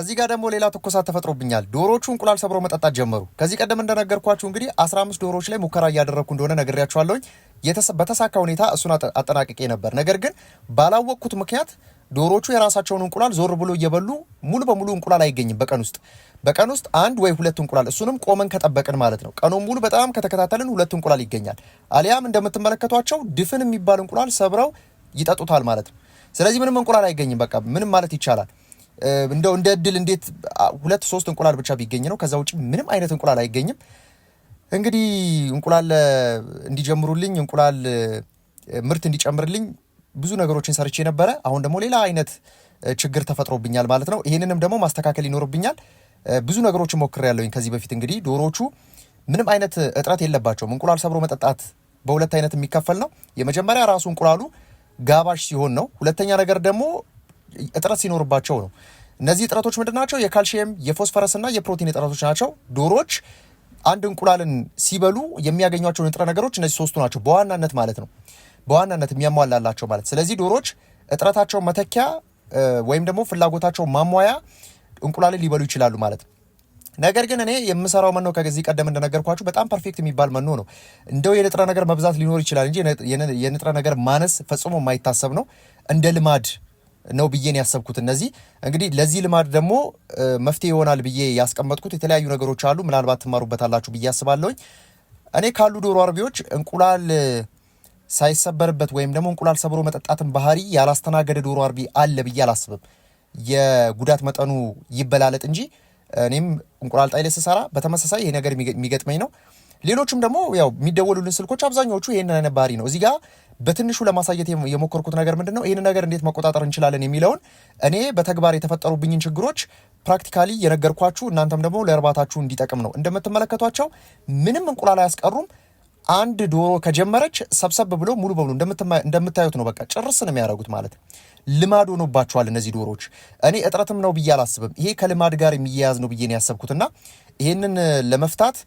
እዚህ ጋር ደግሞ ሌላ ትኩሳት ተፈጥሮብኛል። ዶሮቹ እንቁላል ሰብሮ መጠጣት ጀመሩ። ከዚህ ቀደም እንደነገርኳችሁ እንግዲህ 15 ዶሮዎች ላይ ሙከራ እያደረግኩ እንደሆነ ነግሬያችኋለሁኝ። በተሳካ ሁኔታ እሱን አጠናቅቄ ነበር። ነገር ግን ባላወቅኩት ምክንያት ዶሮቹ የራሳቸውን እንቁላል ዞር ብሎ እየበሉ ሙሉ በሙሉ እንቁላል አይገኝም። በቀን ውስጥ በቀን ውስጥ አንድ ወይ ሁለት እንቁላል እሱንም ቆመን ከጠበቅን ማለት ነው። ቀኑን ሙሉ በጣም ከተከታተልን ሁለት እንቁላል ይገኛል። አሊያም እንደምትመለከቷቸው ድፍን የሚባል እንቁላል ሰብረው ይጠጡታል ማለት ነው። ስለዚህ ምንም እንቁላል አይገኝም። በቃ ምንም ማለት ይቻላል። እንደው እንደ እድል እንዴት ሁለት ሶስት እንቁላል ብቻ ቢገኝ ነው። ከዛ ውጭ ምንም አይነት እንቁላል አይገኝም። እንግዲህ እንቁላል እንዲጀምሩልኝ እንቁላል ምርት እንዲጨምርልኝ ብዙ ነገሮችን ሰርቼ ነበረ። አሁን ደግሞ ሌላ አይነት ችግር ተፈጥሮብኛል ማለት ነው። ይህንንም ደግሞ ማስተካከል ይኖርብኛል። ብዙ ነገሮችን ያለውኝ ከዚህ በፊት እንግዲህ ዶሮዎቹ ምንም አይነት እጥረት የለባቸውም። እንቁላል ሰብሮ መጠጣት በሁለት አይነት የሚከፈል ነው። የመጀመሪያ ራሱ እንቁላሉ ጋባሽ ሲሆን ነው። ሁለተኛ ነገር ደግሞ እጥረት ሲኖርባቸው ነው። እነዚህ እጥረቶች ምንድን ናቸው? የካልሽየም የፎስፈረስና የፕሮቲን እጥረቶች ናቸው። ዶሮች አንድ እንቁላልን ሲበሉ የሚያገኟቸው ንጥረ ነገሮች እነዚህ ሶስቱ ናቸው በዋናነት ማለት ነው። በዋናነት የሚያሟላላቸው ማለት ስለዚህ ዶሮዎች እጥረታቸው መተኪያ ወይም ደግሞ ፍላጎታቸው ማሟያ እንቁላልን ሊበሉ ይችላሉ ማለት ነው። ነገር ግን እኔ የምሰራው መኖ ከዚህ ቀደም እንደነገርኳችሁ በጣም ፐርፌክት የሚባል መኖ ነው። እንደው የንጥረ ነገር መብዛት ሊኖር ይችላል እንጂ የንጥረ ነገር ማነስ ፈጽሞ የማይታሰብ ነው እንደ ልማድ ነው ብዬን ያሰብኩት። እነዚህ እንግዲህ ለዚህ ልማድ ደግሞ መፍትሄ ይሆናል ብዬ ያስቀመጥኩት የተለያዩ ነገሮች አሉ። ምናልባት ትማሩበታላችሁ ብዬ አስባለሁኝ። እኔ ካሉ ዶሮ አርቢዎች እንቁላል ሳይሰበርበት ወይም ደግሞ እንቁላል ሰብሮ መጠጣትን ባህሪ ያላስተናገደ ዶሮ አርቢ አለ ብዬ አላስብም። የጉዳት መጠኑ ይበላለጥ እንጂ እኔም እንቁላል ጣይ ስሰራ በተመሳሳይ ይሄ ነገር የሚገጥመኝ ነው። ሌሎችም ደግሞ ያው የሚደወሉልን ስልኮች አብዛኛዎቹ ይህንን ነባሪ ነው። እዚህ በትንሹ ለማሳየት የሞከርኩት ነገር ምንድን ነው፣ ይህንን ነገር እንዴት መቆጣጠር እንችላለን የሚለውን እኔ በተግባር የተፈጠሩብኝን ችግሮች ፕራክቲካሊ የነገርኳችሁ እናንተም ደግሞ ለእርባታችሁ እንዲጠቅም ነው። እንደምትመለከቷቸው ምንም እንቁላል አያስቀሩም። አንድ ዶሮ ከጀመረች ሰብሰብ ብሎ ሙሉ በሙሉ እንደምታዩት ነው። በቃ ጭርስ ነው የሚያደርጉት ማለት ልማድ ሆኖባቸዋል እነዚህ ዶሮዎች። እኔ እጥረትም ነው ብዬ አላስብም። ይሄ ከልማድ ጋር የሚያያዝ ነው ብዬ ነው ያሰብኩትና ይህንን ለመፍታት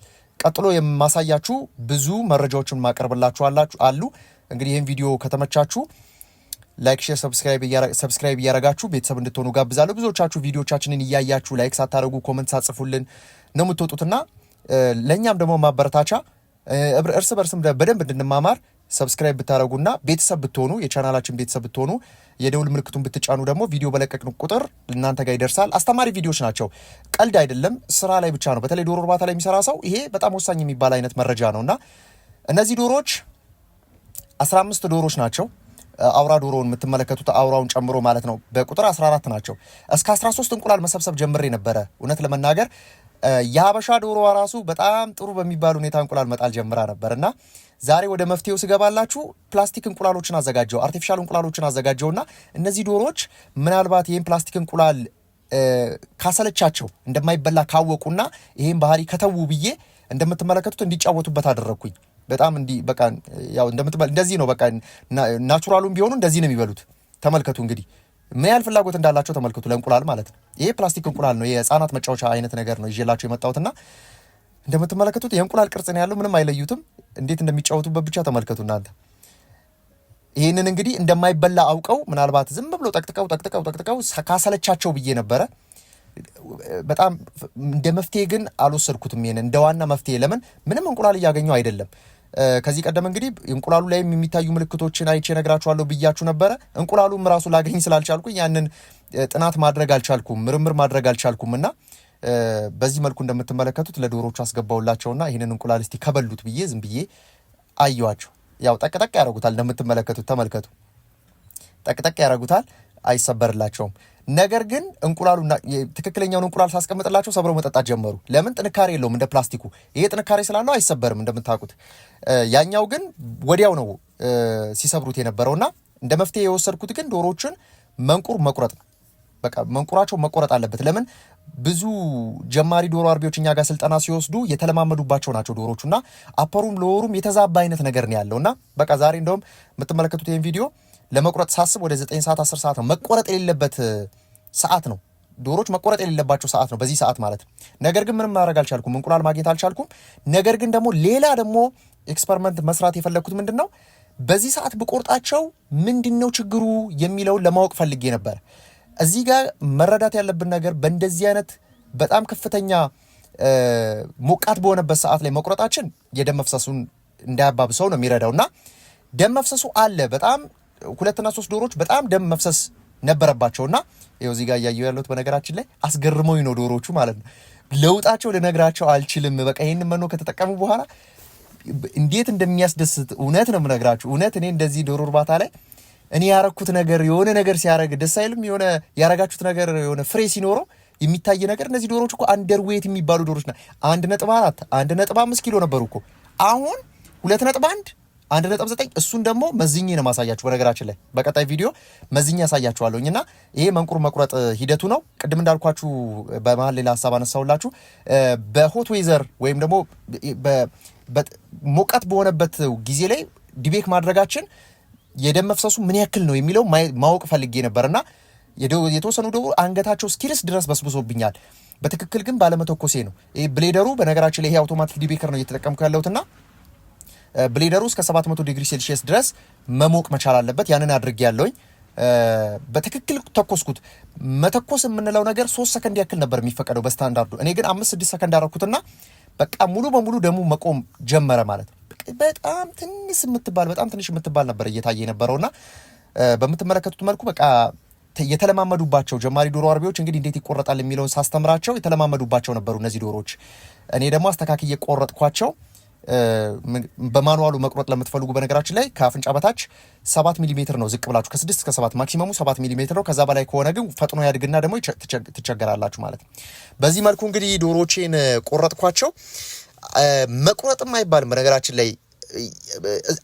ቀጥሎ የማሳያችሁ ብዙ መረጃዎችን ማቀርብላችሁ አሉ። እንግዲህ ይህን ቪዲዮ ከተመቻችሁ ላይክ፣ ሼር፣ ሰብስክራይብ እያረጋችሁ ቤተሰብ እንድትሆኑ ጋብዛለሁ። ብዙዎቻችሁ ቪዲዮቻችንን እያያችሁ ላይክ ሳታደረጉ ኮመንት ሳጽፉልን ነው የምትወጡትና ለእኛም ደግሞ ማበረታቻ እርስ በርስም በደንብ እንድንማማር ሰብስክራይብ ብታደረጉና ቤተሰብ ብትሆኑ የቻናላችን ቤተሰብ ብትሆኑ የደውል ምልክቱን ብትጫኑ ደግሞ ቪዲዮ በለቀቅን ቁጥር እናንተ ጋር ይደርሳል። አስተማሪ ቪዲዮዎች ናቸው፣ ቀልድ አይደለም። ስራ ላይ ብቻ ነው። በተለይ ዶሮ እርባታ ላይ የሚሰራ ሰው ይሄ በጣም ወሳኝ የሚባል አይነት መረጃ ነው እና እነዚህ ዶሮዎች አምስት ዶሮዎች ናቸው። አውራ ዶሮውን የምትመለከቱት አውራውን ጨምሮ ማለት ነው። በቁጥር 14 ናቸው። እስከ 13 እንቁላል መሰብሰብ ጀምሬ ነበረ እውነት ለመናገር የሀበሻ ዶሮዋ ራሱ በጣም ጥሩ በሚባል ሁኔታ እንቁላል መጣል ጀምራ ነበር እና ዛሬ ወደ መፍትሄው ስገባላችሁ ፕላስቲክ እንቁላሎችን አዘጋጀው፣ አርቲፊሻል እንቁላሎችን አዘጋጀው እና እነዚህ ዶሮዎች ምናልባት ይህን ፕላስቲክ እንቁላል ካሰለቻቸው እንደማይበላ ካወቁና ይህን ባህሪ ከተዉ ብዬ እንደምትመለከቱት እንዲጫወቱበት አደረግኩኝ። በጣም እንዲህ በቃ ያው እንደምትበል እንደዚህ ነው። በቃ ናቹራሉም ቢሆኑ እንደዚህ ነው የሚበሉት። ተመልከቱ እንግዲህ ምን ያህል ፍላጎት እንዳላቸው ተመልክቱ። ለእንቁላል ማለት ነው። ይሄ ፕላስቲክ እንቁላል ነው፣ የህፃናት መጫወቻ አይነት ነገር ነው ይዤላቸው የመጣሁትና እንደምትመለከቱት የእንቁላል ቅርጽ ነው ያለው። ምንም አይለዩትም። እንዴት እንደሚጫወቱበት ብቻ ተመልከቱ እናንተ። ይህንን እንግዲህ እንደማይበላ አውቀው ምናልባት ዝም ብሎ ጠቅጥቀው ጠቅጥቀው ጠቅጥቀው ካሰለቻቸው ብዬ ነበረ። በጣም እንደ መፍትሄ ግን አልወሰድኩትም። ይሄንን እንደ ዋና መፍትሄ ለምን ምንም እንቁላል እያገኘው አይደለም ከዚህ ቀደም እንግዲህ እንቁላሉ ላይም የሚታዩ ምልክቶችን አይቼ ነግራችኋለሁ ብያችሁ ነበረ። እንቁላሉም ራሱ ላገኝ ስላልቻልኩኝ ያንን ጥናት ማድረግ አልቻልኩም፣ ምርምር ማድረግ አልቻልኩም እና በዚህ መልኩ እንደምትመለከቱት ለዶሮቹ አስገባውላቸውና ይህንን እንቁላል እስቲ ከበሉት ብዬ ዝም ብዬ አየዋቸው። ያው ጠቅጠቅ ያደረጉታል፣ እንደምትመለከቱት ተመልከቱ። ጠቅጠቅ ያደረጉታል፣ አይሰበርላቸውም። ነገር ግን እንቁላሉ ትክክለኛውን እንቁላል ሳስቀምጥላቸው ሰብረው መጠጣት ጀመሩ። ለምን? ጥንካሬ የለውም እንደ ፕላስቲኩ። ይሄ ጥንካሬ ስላለው አይሰበርም እንደምታውቁት። ያኛው ግን ወዲያው ነው ሲሰብሩት የነበረውና እንደ መፍትሄ የወሰድኩት ግን ዶሮዎችን መንቁር መቁረጥ ነው። በቃ መንቁራቸው መቆረጥ አለበት። ለምን? ብዙ ጀማሪ ዶሮ አርቢዎች እኛ ጋር ስልጠና ሲወስዱ የተለማመዱባቸው ናቸው ዶሮቹና አፐሩም ሎወሩም የተዛባ አይነት ነገር ነው እና በቃ ዛሬ እንደውም የምትመለከቱት ይህን ቪዲዮ ለመቁረጥ ሳስብ ወደ 9 ሰዓት 10 ሰዓት ነው። መቆረጥ የሌለበት ሰዓት ነው። ዶሮች መቆረጥ የሌለባቸው ሰዓት ነው፣ በዚህ ሰዓት ማለት። ነገር ግን ምንም ማድረግ አልቻልኩም፣ እንቁላል ማግኘት አልቻልኩም። ነገር ግን ደግሞ ሌላ ደግሞ ኤክስፐሪመንት መስራት የፈለግኩት ምንድን ነው፣ በዚህ ሰዓት ብቆርጣቸው ምንድን ነው ችግሩ የሚለውን ለማወቅ ፈልጌ ነበር። እዚህ ጋር መረዳት ያለብን ነገር በእንደዚህ አይነት በጣም ከፍተኛ ሞቃት በሆነበት ሰዓት ላይ መቁረጣችን የደም መፍሰሱን እንዳያባብሰው ነው የሚረዳው እና ደም መፍሰሱ አለ በጣም ሁለትና ሶስት ዶሮዎች በጣም ደም መፍሰስ ነበረባቸውና ይኸው እዚህ ጋር እያየሁ ያለሁት በነገራችን ላይ አስገርመኝ ነው ዶሮዎቹ ማለት ነው። ለውጣቸው ልነግራቸው አልችልም። በቃ ይህን መኖ ከተጠቀሙ በኋላ እንዴት እንደሚያስደስት እውነት ነው የምነግራችሁ። እውነት እኔ እንደዚህ ዶሮ እርባታ ላይ እኔ ያረግኩት ነገር የሆነ ነገር ሲያረግ ደስ አይልም? የሆነ ያረጋችሁት ነገር የሆነ ፍሬ ሲኖረው የሚታይ ነገር። እነዚህ ዶሮች እኮ አንደር ዌት የሚባሉ ዶሮች ና አንድ ነጥብ አራት አንድ ነጥብ አምስት ኪሎ ነበሩ እኮ አሁን ሁለት ነጥብ አንድ አንድ ነጥብ ዘጠኝ እሱን ደግሞ መዝኜ ነው ማሳያችሁ። በነገራችን ላይ በቀጣይ ቪዲዮ መዝኜ ያሳያችኋለሁኝ እና ይሄ መንቁር መቁረጥ ሂደቱ ነው። ቅድም እንዳልኳችሁ በመሀል ሌላ ሀሳብ አነሳውላችሁ በሆት ዌዘር ወይም ደግሞ ሞቃት በሆነበት ጊዜ ላይ ዲቤክ ማድረጋችን የደም መፍሰሱ ምን ያክል ነው የሚለው ማወቅ ፈልጌ እና የተወሰኑ ደግሞ አንገታቸው ስኪልስ ድረስ በስብሶብኛል። በትክክል ግን ባለመተኮሴ ነው። ይሄ ብሌደሩ በነገራችን ላይ ይሄ አውቶማቲክ ዲቤከር ነው እየተጠቀምኩ ያለሁትና ብሌደሩ እስከ 700 ዲግሪ ሴልሺየስ ድረስ መሞቅ መቻል አለበት። ያንን አድርግ ያለውኝ በትክክል ተኮስኩት። መተኮስ የምንለው ነገር ሶስት ሰከንድ ያክል ነበር የሚፈቀደው በስታንዳርዱ። እኔ ግን አምስት ስድስት ሰከንድ አረኩትና በቃ ሙሉ በሙሉ ደሙ መቆም ጀመረ ማለት በጣም ትንሽ የምትባል በጣም ትንሽ የምትባል ነበር እየታየ የነበረውና በምትመለከቱት መልኩ በቃ የተለማመዱባቸው ጀማሪ ዶሮ አርቢዎች እንግዲህ እንዴት ይቆረጣል የሚለውን ሳስተምራቸው የተለማመዱባቸው ነበሩ እነዚህ ዶሮዎች። እኔ ደግሞ አስተካክዬ ቆረጥኳቸው። በማኑዋሉ መቁረጥ ለምትፈልጉ በነገራችን ላይ ከአፍንጫ በታች ሰባት ሚሊ ሜትር ነው ዝቅ ብላችሁ ከስድስት እስከ ሰባት ማክሲመሙ ሰባት ሚሊ ሜትር ነው። ከዛ በላይ ከሆነ ግን ፈጥኖ ያድግና ደግሞ ትቸገራላችሁ ማለት ነው። በዚህ መልኩ እንግዲህ ዶሮቼን ቆረጥኳቸው። መቁረጥም አይባልም በነገራችን ላይ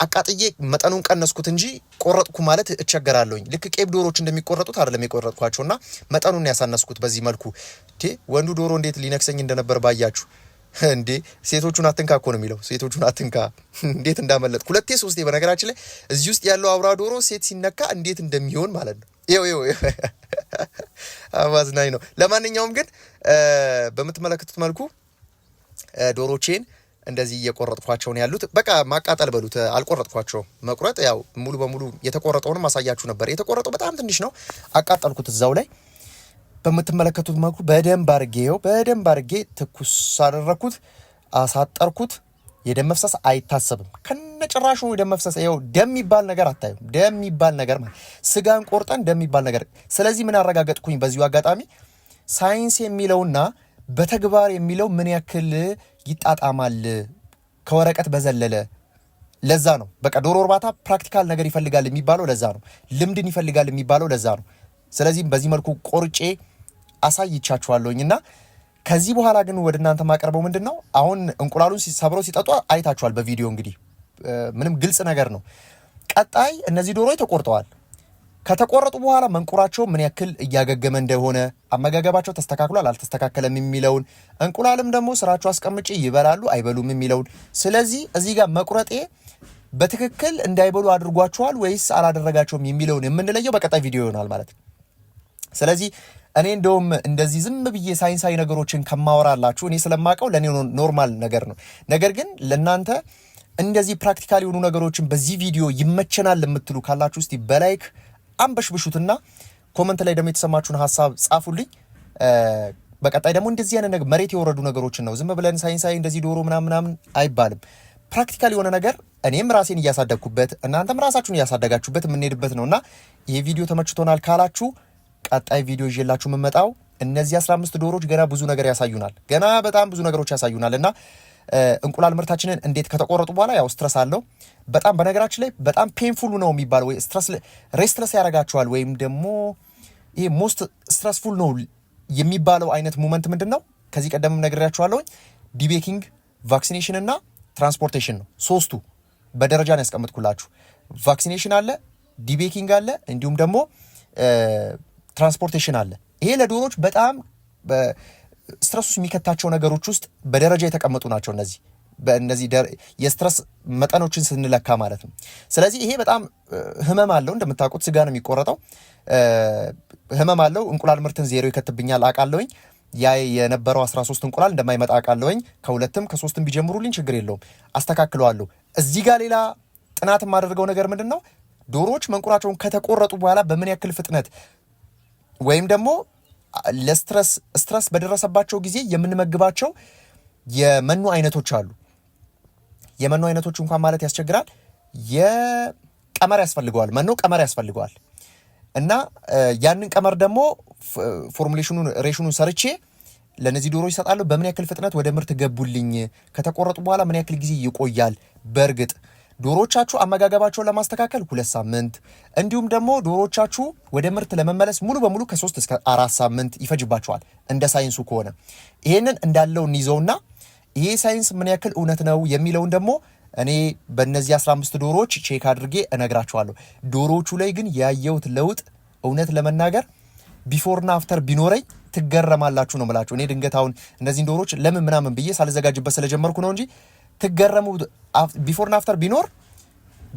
አቃጥዬ መጠኑን ቀነስኩት እንጂ ቆረጥኩ ማለት እቸገራለሁኝ። ልክ ቄብ ዶሮች እንደሚቆረጡት አይደለም የቆረጥኳቸውና መጠኑን ያሳነስኩት በዚህ መልኩ። ወንዱ ዶሮ እንዴት ሊነክሰኝ እንደነበር ባያችሁ። እንዴ ሴቶቹን አትንካ እኮ ነው የሚለው። ሴቶቹን አትንካ እንዴት እንዳመለጥ ሁለቴ ሶስቴ። በነገራችን ላይ እዚህ ውስጥ ያለው አውራ ዶሮ ሴት ሲነካ እንዴት እንደሚሆን ማለት ነው። ይው ይው አማዝናኝ ነው። ለማንኛውም ግን በምትመለከቱት መልኩ ዶሮቼን እንደዚህ እየቆረጥኳቸው ነው ያሉት። በቃ ማቃጠል በሉት አልቆረጥኳቸው። መቁረጥ ያው ሙሉ በሙሉ የተቆረጠውንም አሳያችሁ ነበር። የተቆረጠው በጣም ትንሽ ነው፣ አቃጠልኩት እዛው ላይ በምትመለከቱት መልኩ በደንብ አርጌ በደንብ አርጌ ትኩስ አደረግኩት፣ አሳጠርኩት። የደም መፍሰስ አይታሰብም። ከነጭራሹ የደም መፍሰስ ው ደም የሚባል ነገር አታዩም። ደም የሚባል ነገር ማለት ስጋን ቆርጠን ደም የሚባል ነገር። ስለዚህ ምን አረጋገጥኩኝ በዚሁ አጋጣሚ ሳይንስ የሚለውና በተግባር የሚለው ምን ያክል ይጣጣማል ከወረቀት በዘለለ ለዛ ነው በቃ ዶሮ እርባታ ፕራክቲካል ነገር ይፈልጋል የሚባለው ለዛ ነው ልምድን ይፈልጋል የሚባለው ለዛ ነው ስለዚህም በዚህ መልኩ ቆርጬ አሳይቻችኋለሁኝ እና ከዚህ በኋላ ግን ወደ እናንተ ማቀርበው ምንድን ነው፣ አሁን እንቁላሉን ሰብረው ሲጠጡ አይታችኋል በቪዲዮ እንግዲህ ምንም ግልጽ ነገር ነው። ቀጣይ እነዚህ ዶሮ ተቆርጠዋል። ከተቆረጡ በኋላ መንቁራቸው ምን ያክል እያገገመ እንደሆነ አመጋገባቸው ተስተካክሏል አልተስተካከለም የሚለውን እንቁላልም ደግሞ ስራቸው አስቀምጭ ይበላሉ አይበሉም የሚለውን ስለዚህ እዚህ ጋር መቁረጤ በትክክል እንዳይበሉ አድርጓቸዋል ወይስ አላደረጋቸውም የሚለውን የምንለየው በቀጣይ ቪዲዮ ይሆናል ማለት ነው። ስለዚህ እኔ እንደውም እንደዚህ ዝም ብዬ ሳይንሳዊ ነገሮችን ከማወራላችሁ እኔ ስለማውቀው ለእኔ ኖርማል ነገር ነው። ነገር ግን ለእናንተ እንደዚህ ፕራክቲካል የሆኑ ነገሮችን በዚህ ቪዲዮ ይመቸናል የምትሉ ካላችሁ እስቲ በላይክ አንበሽብሹትና ኮመንት ላይ ደግሞ የተሰማችሁን ሀሳብ ጻፉልኝ። በቀጣይ ደግሞ እንደዚህ አይነት ነገር መሬት የወረዱ ነገሮችን ነው። ዝም ብለን ሳይንሳዊ እንደዚህ ዶሮ ምናምን ምናምን አይባልም። ፕራክቲካል የሆነ ነገር እኔም ራሴን እያሳደግኩበት እናንተም ራሳችሁን እያሳደጋችሁበት የምንሄድበት ነው እና ይሄ ቪዲዮ ተመችቶናል ካላችሁ ቀጣይ ቪዲዮ ይዤላችሁ የምመጣው እነዚህ 15 ዶሮዎች ገና ብዙ ነገር ያሳዩናል። ገና በጣም ብዙ ነገሮች ያሳዩናል እና እንቁላል ምርታችንን እንዴት ከተቆረጡ በኋላ ያው ስትረስ አለው በጣም በነገራችን ላይ በጣም ፔንፉል ነው የሚባለው ወይ ስትረስ ሬስትረስ ያደርጋቸዋል ወይም ደግሞ ይሄ ሞስት ስትረስፉል ነው የሚባለው አይነት ሞመንት ምንድን ነው? ከዚህ ቀደም ነግሬያችኋለሁኝ። ዲቤኪንግ፣ ቫክሲኔሽን እና ትራንስፖርቴሽን ነው ሶስቱ በደረጃ ነው ያስቀምጥኩላችሁ። ቫክሲኔሽን አለ፣ ዲቤኪንግ አለ እንዲሁም ደግሞ ትራንስፖርቴሽን አለ። ይሄ ለዶሮዎች በጣም ስትረስ ውስጥ የሚከታቸው ነገሮች ውስጥ በደረጃ የተቀመጡ ናቸው እነዚህ በእነዚህ የስትረስ መጠኖችን ስንለካ ማለት ነው። ስለዚህ ይሄ በጣም ህመም አለው። እንደምታውቁት ስጋ ነው የሚቆረጠው፣ ህመም አለው። እንቁላል ምርትን ዜሮ ይከትብኛል አውቃለሁኝ። ያ የነበረው 13 እንቁላል እንደማይመጣ አውቃለሁኝ። ከሁለትም ከሶስትም ቢጀምሩልኝ ችግር የለውም አስተካክለዋለሁ። እዚህ ጋር ሌላ ጥናት የማደርገው ነገር ምንድን ነው ዶሮዎች መንቁራቸውን ከተቆረጡ በኋላ በምን ያክል ፍጥነት ወይም ደግሞ ለስትረስ ስትረስ በደረሰባቸው ጊዜ የምንመግባቸው የመኖ አይነቶች አሉ። የመኖ አይነቶች እንኳን ማለት ያስቸግራል። የቀመር ያስፈልገዋል መኖ ቀመር ያስፈልገዋል። እና ያንን ቀመር ደግሞ ፎርሙሌሽኑን ሬሽኑን ሰርቼ ለእነዚህ ዶሮ ይሰጣለሁ። በምን ያክል ፍጥነት ወደ ምርት ገቡልኝ፣ ከተቆረጡ በኋላ ምን ያክል ጊዜ ይቆያል፣ በእርግጥ ዶሮቻችሁ አመጋገባቸውን ለማስተካከል ሁለት ሳምንት እንዲሁም ደግሞ ዶሮቻችሁ ወደ ምርት ለመመለስ ሙሉ በሙሉ ከሶስት እስከ አራት ሳምንት ይፈጅባቸዋል እንደ ሳይንሱ ከሆነ። ይህንን እንዳለው እንይዘውና ይሄ ሳይንስ ምን ያክል እውነት ነው የሚለውን ደግሞ እኔ በእነዚህ 15 ዶሮዎች ቼክ አድርጌ እነግራቸዋለሁ ዶሮዎቹ ላይ ግን ያየሁት ለውጥ እውነት ለመናገር ቢፎርና አፍተር ቢኖረኝ ትገረማላችሁ ነው ምላችሁ። እኔ ድንገት አሁን እነዚህን ዶሮዎች ለምን ምናምን ብዬ ሳልዘጋጅበት ስለጀመርኩ ነው እንጂ ትገረሙ ቢፎርና አፍተር ቢኖር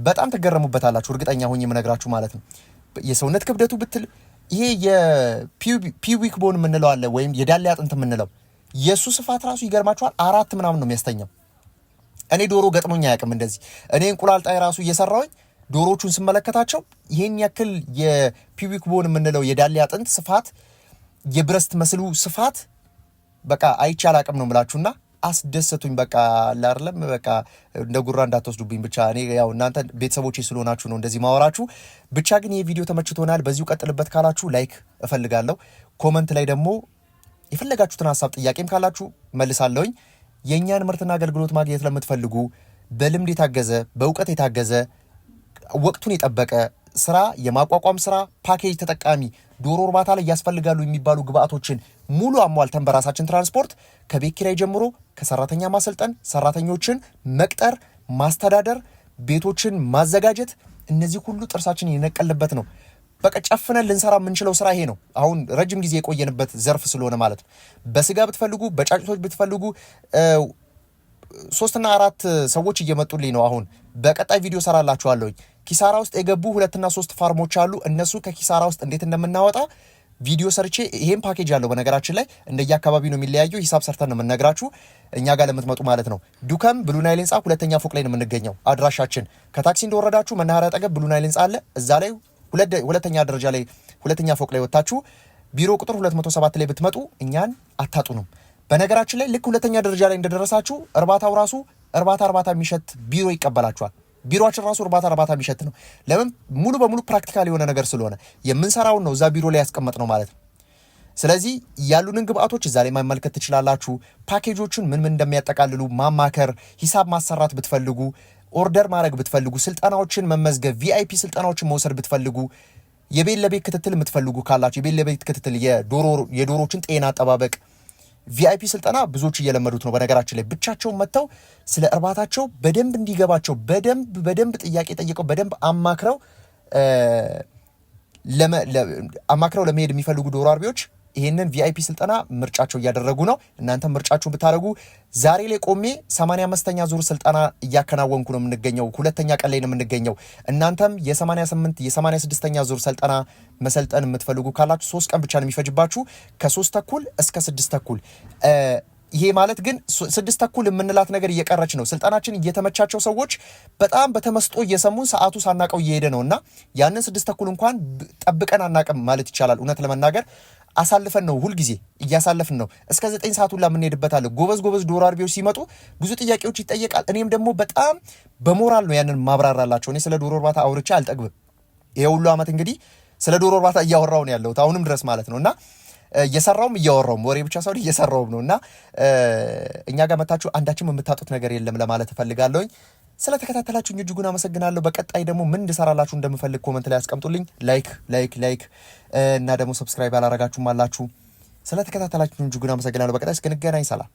በጣም ትገረሙበታላችሁ። እርግጠኛ ሆኜ የምነግራችሁ ማለት ነው። የሰውነት ክብደቱ ብትል ይሄ የፒዊክ ቦን የምንለው አለ ወይም የዳሌ አጥንት የምንለው የእሱ ስፋት ራሱ ይገርማችኋል። አራት ምናምን ነው የሚያስተኛው። እኔ ዶሮ ገጥሞኝ አያውቅም እንደዚህ። እኔ እንቁላል ጣይ ራሱ እየሰራውኝ ዶሮቹን ስመለከታቸው ይህን ያክል የፒዊክ ቦን የምንለው የዳሌ አጥንት ስፋት፣ የብረስት መስሉ ስፋት በቃ አይቼ አቅም ነው የምላችሁና አስደሰቱኝ። በቃ ላርለም በቃ እንደ ጉራ እንዳትወስዱብኝ ብቻ እኔ ያው እናንተ ቤተሰቦች ስለሆናችሁ ነው እንደዚህ ማወራችሁ። ብቻ ግን ይህ ቪዲዮ ተመችቶናል፣ በዚሁ ቀጥልበት ካላችሁ ላይክ እፈልጋለሁ። ኮመንት ላይ ደግሞ የፈለጋችሁትን ሀሳብ ጥያቄም ካላችሁ መልሳለሁኝ። የእኛን ምርትና አገልግሎት ማግኘት ለምትፈልጉ በልምድ የታገዘ በእውቀት የታገዘ ወቅቱን የጠበቀ ስራ፣ የማቋቋም ስራ፣ ፓኬጅ ተጠቃሚ፣ ዶሮ እርባታ ላይ ያስፈልጋሉ የሚባሉ ግብአቶችን ሙሉ አሟልተን በራሳችን ትራንስፖርት ከቤት ኪራይ ጀምሮ ከሰራተኛ ማሰልጠን፣ ሰራተኞችን መቅጠር፣ ማስተዳደር፣ ቤቶችን ማዘጋጀት፣ እነዚህ ሁሉ ጥርሳችን የነቀልበት ነው። በቃ ጨፍነን ልንሰራ የምንችለው ስራ ይሄ ነው። አሁን ረጅም ጊዜ የቆየንበት ዘርፍ ስለሆነ ማለት ነው። በስጋ ብትፈልጉ፣ በጫጭቶች ብትፈልጉ ሶስትና አራት ሰዎች እየመጡልኝ ነው። አሁን በቀጣይ ቪዲዮ ሰራላችኋለሁኝ። ኪሳራ ውስጥ የገቡ ሁለትና ሶስት ፋርሞች አሉ። እነሱ ከኪሳራ ውስጥ እንዴት እንደምናወጣ ቪዲዮ ሰርቼ ይሄን ፓኬጅ ያለው በነገራችን ላይ እንደየ አካባቢ ነው የሚለያየው። ሂሳብ ሰርተን ነው የምንነግራችሁ እኛ ጋር ለምትመጡ ማለት ነው። ዱከም ብሉናይል ህንፃ ሁለተኛ ፎቅ ላይ ነው የምንገኘው። አድራሻችን ከታክሲ እንደወረዳችሁ መናኸሪያ አጠገብ ብሉናይል ህንፃ አለ። እዛ ላይ ሁለተኛ ደረጃ ላይ ሁለተኛ ፎቅ ላይ ወጥታችሁ ቢሮ ቁጥር 207 ላይ ብትመጡ እኛን አታጡንም። በነገራችን ላይ ልክ ሁለተኛ ደረጃ ላይ እንደደረሳችሁ እርባታው ራሱ እርባታ እርባታ የሚሸት ቢሮ ይቀበላችኋል። ቢሮችን ራሱ እርባታ እርባታ የሚሸት ነው። ለምን ሙሉ በሙሉ ፕራክቲካል የሆነ ነገር ስለሆነ የምንሰራውን ነው እዛ ቢሮ ላይ ያስቀመጥ ነው ማለት ነው። ስለዚህ ያሉንን ግብአቶች እዛ ላይ መመልከት ትችላላችሁ። ፓኬጆቹን ምን ምን እንደሚያጠቃልሉ ማማከር፣ ሂሳብ ማሰራት ብትፈልጉ፣ ኦርደር ማድረግ ብትፈልጉ፣ ስልጠናዎችን መመዝገብ፣ ቪአይፒ ስልጠናዎችን መውሰድ ብትፈልጉ የቤት ለቤት ክትትል የምትፈልጉ ካላችሁ የቤት ለቤት ክትትል የዶሮችን ጤና አጠባበቅ ቪአይፒ ስልጠና ብዙዎች እየለመዱት ነው። በነገራችን ላይ ብቻቸውን መጥተው ስለ እርባታቸው በደንብ እንዲገባቸው በደንብ በደንብ ጥያቄ ጠይቀው በደንብ አማክረው አማክረው ለመሄድ የሚፈልጉ ዶሮ አርቢዎች ይህንን ቪአይፒ ስልጠና ምርጫቸው እያደረጉ ነው። እናንተ ምርጫችሁ ብታደረጉ ዛሬ ላይ ቆሜ 85ኛ ዙር ስልጠና እያከናወንኩ ነው የምንገኘው። ሁለተኛ ቀን ላይ ነው የምንገኘው። እናንተም የ88 የ86ኛ ዙር ስልጠና መሰልጠን የምትፈልጉ ካላችሁ ሶስት ቀን ብቻ ነው የሚፈጅባችሁ ከሶስት ተኩል እስከ ስድስት ተኩል ይሄ ማለት ግን ስድስት ተኩል የምንላት ነገር እየቀረች ነው። ስልጠናችን እየተመቻቸው ሰዎች በጣም በተመስጦ እየሰሙን ሰዓቱ ሳናቀው እየሄደ ነው እና ያንን ስድስት ተኩል እንኳን ጠብቀን አናቅም ማለት ይቻላል እውነት ለመናገር አሳልፈን ነው ሁልጊዜ እያሳለፍን ነው። እስከ ዘጠኝ ሰዓት ሁላ የምንሄድበት አለ። ጎበዝ ጎበዝ ዶሮ አርቢዎች ሲመጡ ብዙ ጥያቄዎች ይጠየቃል። እኔም ደግሞ በጣም በሞራል ነው ያንን ማብራራላቸው። እኔ ስለ ዶሮ እርባታ አውርቼ አልጠግብም። ይሄ ሁሉ ዓመት እንግዲህ ስለ ዶሮ እርባታ እያወራው ነው ያለሁት አሁንም ድረስ ማለት ነው እና እየሰራውም እያወራውም ወሬ ብቻ ሳይሆን እየሰራውም ነው እና እኛ ጋር መታችሁ አንዳችም የምታጡት ነገር የለም ለማለት እፈልጋለሁኝ። ስለተከታተላችሁኝ እጅጉን አመሰግናለሁ። በቀጣይ ደግሞ ምን እንድሰራላችሁ እንደምፈልግ ኮመንት ላይ አስቀምጡልኝ። ላይክ ላይክ ላይክ እና ደግሞ ሰብስክራይብ ያላረጋችሁም አላችሁ። ስለተከታተላችሁኝ እጅጉን አመሰግናለሁ። በቀጣይ እስክንገናኝ ሰላም።